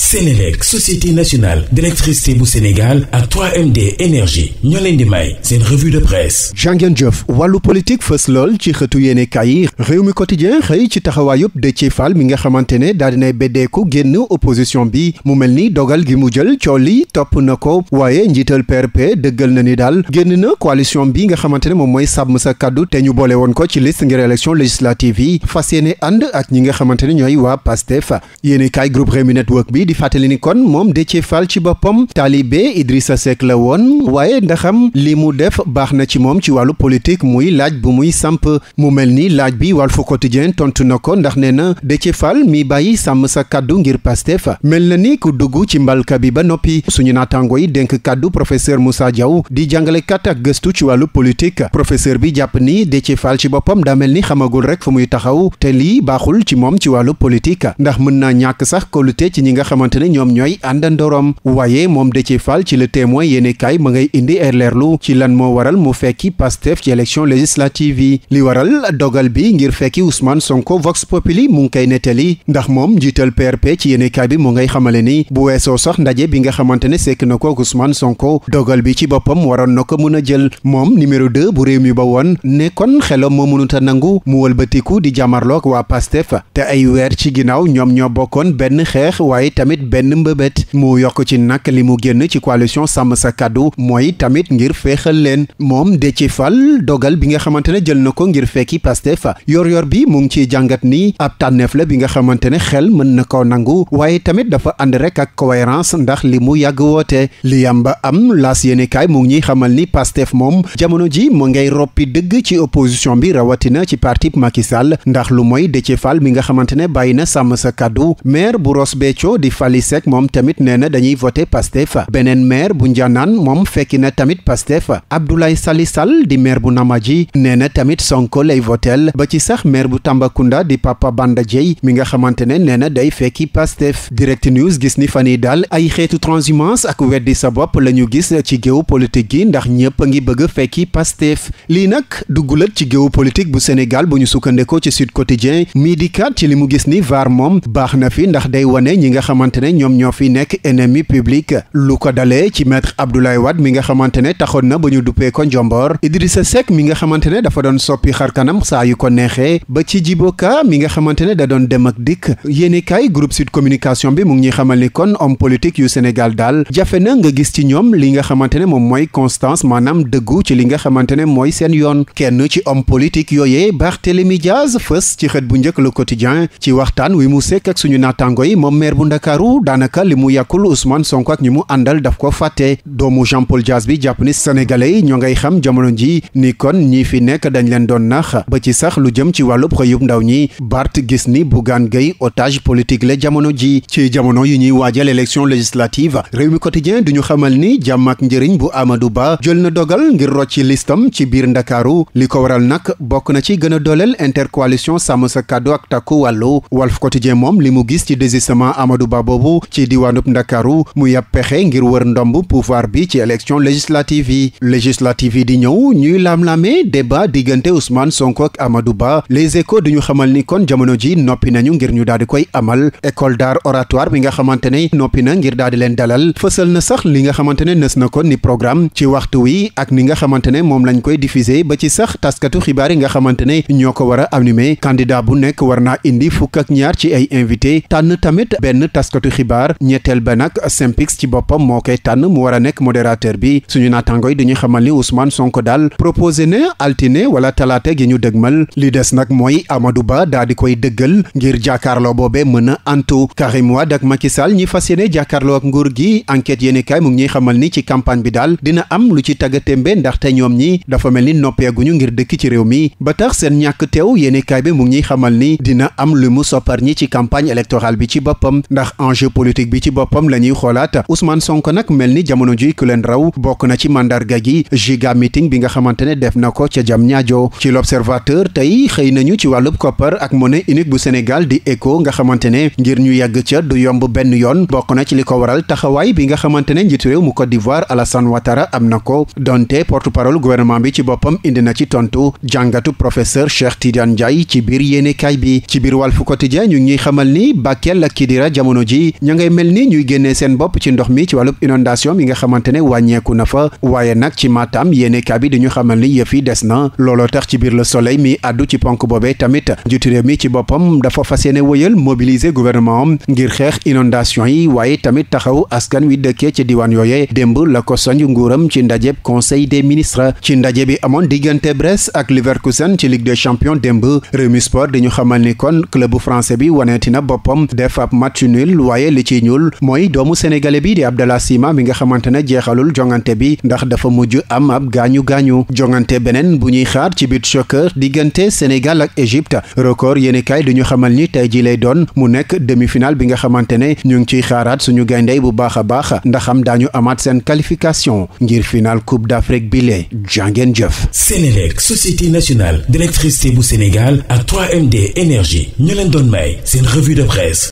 Sénélec société nationale d'électricité bu Sénégal ak 3MD énergie ñoo leen di may seen revue de presse jàngeen jëf wàllu politique fës lool ci xëtu yéene kaay yi réew mi quotidien xëy ci taxawaayub Déthié Fall mi nga xamante ne daal dinay beddeeku génn opposition bi mu mel ni dogal gi mu jël cool yi topp na ko waaye njiital PRP dëggal na ni daal génn na coalition bi nga xamante ne moom mooy sàmm sa kàddu te ñu boole woon ko ci liste ngir élection législative yi fas yéene ànd ak ñi nga xamante ne ñooy waa PASTEF yéene kaay groupe Rewmi Network bi di fàttali ni kon moom Déthié Fall ci boppam taalibe Idrissa Seck la woon waaye ndaxam li mu def baax na ci moom ci wàllu politique muy laaj bu muy samp mu mel ni laaj bi Walf Quotidien tontu na ko ndax nee na Déthié Fall mi bàyyi sàmm sa kàddu ngir fa mel na ni ku dugg ci mbalka bi ba noppi suñu naataango yi dénk kàddu professeur Moussa Diaw di jàngalekat ak gëstu ci wàllu politique professeur bi jàpp ni Déthié Fall ci boppam daa mel ni xamagul rek muy taxaw te lii baaxul ci moom xamante ne ñoom ñooy àndandorom waaye moom Déthié Fall ci la témoin yéene kaay ma ngay indi ay leerlu ci lan moo waral mu fekki Pastef ci élection législative yi li waral dogal bi ngir fekki Ousmane Sonko Vox Populi mu ngi koy nettali ndax moom njiital PRP ci yéene kaay bi mu ngay xamale ni bu weesoo sax ndaje bi nga xamante ne sekk na ko Ousmane Sonko dogal bi ci boppam waroon na ko mën a jël moom numéro 2 bu réew mi ba woon ne kon xelam moo mënut a nangu mu walbatiku di jàmmarloog waa Pastef te ay ci ginnaaw ñoom ñoo bokkoon benn xeex tamit benn mbëbët mu yokk ci nag li mu génn ci coalition sàmm sa kàddu mooy tamit ngir féexal leen moom Déthié Fall dogal bi nga xamante ne jël na ko ngir fekki fa yor-yor bi mu ngi ciy jàngat ni ab tànneef la bi nga xamante ne xel mën na ko nangu waaye tamit dafa ànd rek ak cohérence ndax li mu yàgg woote li yam ba am laas yéenekaay mu ngi ñuy xamal ni Pastef moom jamono ji mu ngay roppi dëgg ci opposition bi rawatina ci parti Macky Sall ndax lu mooy Déthié Fall mi nga xamante ne bàyyi na sàmm sa kàddu maire bu Ross di Fally Seck moom tamit nee na dañuy voté Pastef beneen maire bu Njanaan moom fekki na tamit Pastef Abdoulaye Sali Sall di maire bu Namaji nee na tamit Sonko lay votel ba ci sax maire bu Tambacounda di Papa Banda mi nga xamante ne nee na day fekki Pastef Direct News gis ni fa yi daal ay xeetu transhumance ak weddi sa bopp la ñu gis ci géew politique gi ndax ñëpp a ngi bëgg a fekki Pastef lii nag duggulat ci géew politique bu Sénégal bu ñu sukkandekoo ci Sud Quotidien mii di kat gis ni xamante ne ñoom ñoo fi nekk ennemi public lu ko dalee ci maître Abdoulaye Wade mi nga xamante ne taxoon na ba ñu duppee ko Njomboor Idrissa Seck mi nga xamante ne dafa doon soppi xar kanam saa yu ko neexee ba ci Djiboka mi nga xamante ne da doon dem ak dikk yéeni kaay groupe Sud Communication bi mu ngi ñuy xamal ni kon homme politique yu Sénégal daal jafe na nga gis ci ñoom li nga xamante ne moom mooy constance maanaam dëggu ci li nga xamante ne mooy seen yoon kenn ci homme politique baax Barthélémy Diaz fës ci xët bu njëkk le quotidien ci waxtaan wi mu sekk ak suñu naataango yi moom maire bu Ndakaaru Ndakaaru daanaka li mu yàkkul Ousmane Sonko ak ñi mu àndal daf ko fàtte doomu Jean Paul Dias bi jàpp ni sénégalais yi ñoo ngay xam jamono ji ni kon ñi fi nekk dañ leen doon nax ba ci sax lu jëm ci wàllub xëyub ndaw ñi Bart gis ni Bougane Gueye otage politique la jamono ji ci jamono yi ñuy waajal élection législative réew mi quotidien du ñu xamal ni jàmm ak njëriñ bu Amadou Ba jël na dogal ngir rocci listam ci biir Ndakaaru li ko waral nag bokk na ci gën a dooleel intercoalition sa kàddu ak takku wàllu combat boobu ci diwaanub ndakaaru muy ab ngir wër ndomb pouvoir bi ci élection législative yi di ñëw ñuy laam-laamee débat diggante Ousmane Sonko ak Ba les échos duñu xamal ni kon jamono ji noppi nañu ngir ñu daal di koy amal école d'art oratoire bi nga xamante ne noppi na ngir daal di leen dalal fësal na sax li nga xamante ne nës na ko ni programme ci waxtu wi ak ni nga xamante ne moom lañ koy diffuser ba ci sax taskatu xibaar yi nga xamante ñoo ko war a animer candidat bu nekk war naa indi fukk ak ñaar ci ay taskatu xibaar ñetteel ba nag Synpics ci boppam moo koy tànn mu war a nekk modérateur bi suñu naataango dañuy xamal ni Ousmane Sonko daal proposé na altine wala talaata gi ñu dëgmal li des nag mooy Amadou Ba daa di koy dëggal ngir jàkkaarloo boobe mën a antu Karim Wade ak Macky Sall ñi fas yéene jàkkaarloo ak nguur gi enquête yéeni kaay mu ngi ñuy xamal ni ci campagne bi daal dina am lu ci taggatémbe ndaxte ñoom ñi dafa mel ni noppeeguñu ngir dëkk ci réew mi ba tax seen ñàkk teew yéeni bi mu ngi ñuy xamal ni dina am lu mu soppar ñi ci campagne électorale bi ci boppam ndax enjeu politique bi ci boppam la ñuy xoolaat Ousmane Sonko nag mel ni jamono ji ku leen raw bokk na ci mandarga gi giga meeting bi nga xamante ne def na ko ca jam ñaajo ci l'observateur tey xëy nañu ci wàllub koppar ak monnaie unique bu Sénégal di éco nga xamante ne ngir ñu yàgg ca du yomb benn yoon bokk na ci li ko waral taxawaay bi nga xamante ne njiitu réew mu Côte d'Ivoire Alassane Ouattara am na ko donte porte-parole gouvernement bi ci boppam indi na ci tontu jàngatu professeur Cheikh Tidiane Ndiaye ci biir yéenekaay bi ci biir Walf Quotidien ñu ngi ñuy xamal ni Bakel ak Kidira jamono ji ñu ngay mel ni ñuy génnee seen bopp ci ndox mi ci wàllub inondation bi nga xamante ne wàññeeku na fa waaye nag ci Matam yéene kaa bi ñu xamal ni yëf yi des na looloo tax ci biir Le Soleil mi àddu ci ponk boobee tamit njiitu réew mi ci boppam dafa fas yéene wëyal mobiliser gouvernement am ngir xeex inondation yi waaye tamit taxaw askan wi dëkkee ci diwaan yooye démb la ko soñ nguuram ci ndajeb conseil des ministres ci ndaje bi amoon diggante Brest ak Leverkusen ci Ligue des champions démb Rewmi Sport dañu xamal ni kon club bi waneeti na boppam ñuul waaye li ci ñuul mooy doomu sénégalais bi di Abdallah Sima bi nga xamante ne jeexalul jongante bi ndax dafa mujj am ab gaañu-gaañu jongante beneen bu ñuy xaar ci beach soccer diggante Sénégal ak Égypte record yéeni kaay du ñu xamal ni tey ji lay doon mu nekk demi-finale bi nga xamante ne ñu ngi ciy xaaraat suñu gayndey bu baax a baax ndax am daañu amaat seen qualification ngir final coupe d'Afrique bi lee jàngeen jëf Sénélec société nationale d'électricité bu Sénégal ak